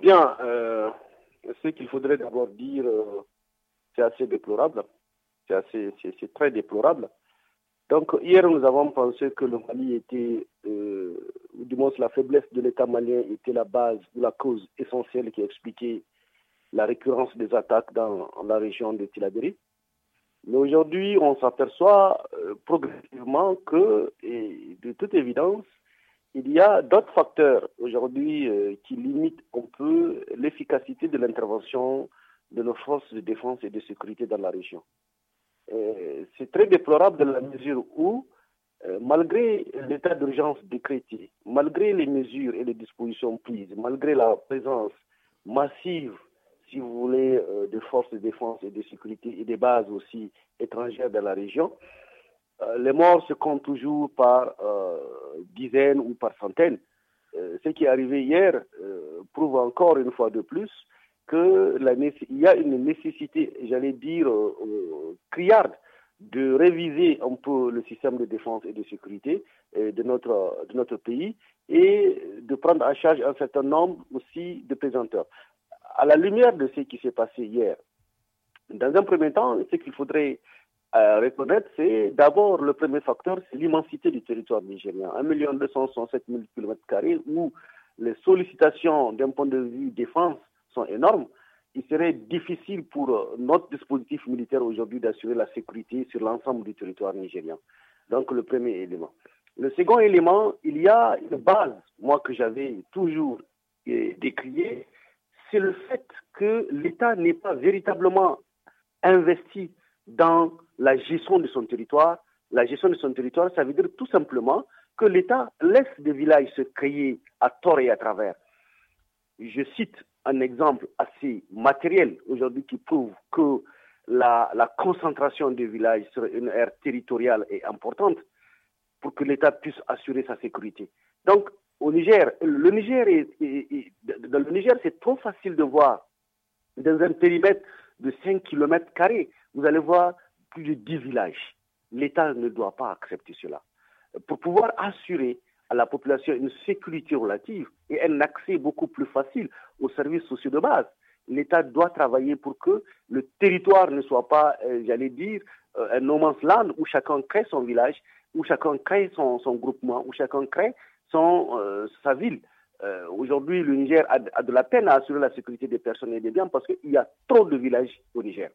Bien, euh, ce qu'il faudrait d'abord dire, euh, c'est assez déplorable. C'est assez, c'est, très déplorable. Donc hier, nous avons pensé que le Mali était, euh, ou du moins la faiblesse de l'État malien était la base ou la cause essentielle qui expliquait la récurrence des attaques dans la région de Tillabéri. Mais aujourd'hui, on s'aperçoit progressivement que, et de toute évidence, il y a d'autres facteurs aujourd'hui euh, qui limitent un peu l'efficacité de l'intervention de nos forces de défense et de sécurité dans la région. Euh, c'est très déplorable dans la mesure où, euh, malgré l'état d'urgence décrété, malgré les mesures et les dispositions prises, malgré la présence massive, si vous voulez, de forces de défense et de sécurité et des bases aussi étrangères dans la région, euh, les morts se comptent toujours par euh, dizaines ou par centaines. Euh, ce qui est arrivé hier prouve encore une fois de plus qu'il y a une nécessité, j'allais dire, criarde de réviser un peu le système de défense et de sécurité de notre, de notre pays et de prendre en charge un certain nombre aussi de présenteurs. À la lumière de ce qui s'est passé hier, dans un premier temps, ce qu'il faudrait à euh, reconnaître, c'est d'abord le premier facteur, c'est l'immensité du territoire nigérien. 1 267 000 km où les sollicitations d'un point de vue défense sont énormes. Il serait difficile pour notre dispositif militaire aujourd'hui d'assurer la sécurité sur l'ensemble du territoire nigérien. Donc le premier élément. Le second élément, il y a une base, moi que j'avais toujours euh, décriée, c'est le fait que l'État n'est pas véritablement investi dans la gestion de son territoire. La gestion de son territoire, ça veut dire tout simplement que l'État laisse des villages se créer à tort et à travers. Je cite un exemple assez matériel aujourd'hui qui prouve que la, concentration des villages sur une aire territoriale est importante pour que l'État puisse assurer sa sécurité. Donc, au Niger, le Niger est, dans le Niger, c'est trop facile de voir dans un périmètre de 5 km vous allez voir plus de 10 villages. L'État ne doit pas accepter cela. Pour pouvoir assurer à la population une sécurité relative et un accès beaucoup plus facile aux services sociaux de base, l'État doit travailler pour que le territoire ne soit pas, euh, j'allais dire, euh, un no man's land où chacun crée son village, où chacun crée son, groupement, où chacun crée son, euh, sa ville. Aujourd'hui, le Niger a, a de la peine à assurer la sécurité des personnes et des biens parce qu'il y a trop de villages au Niger.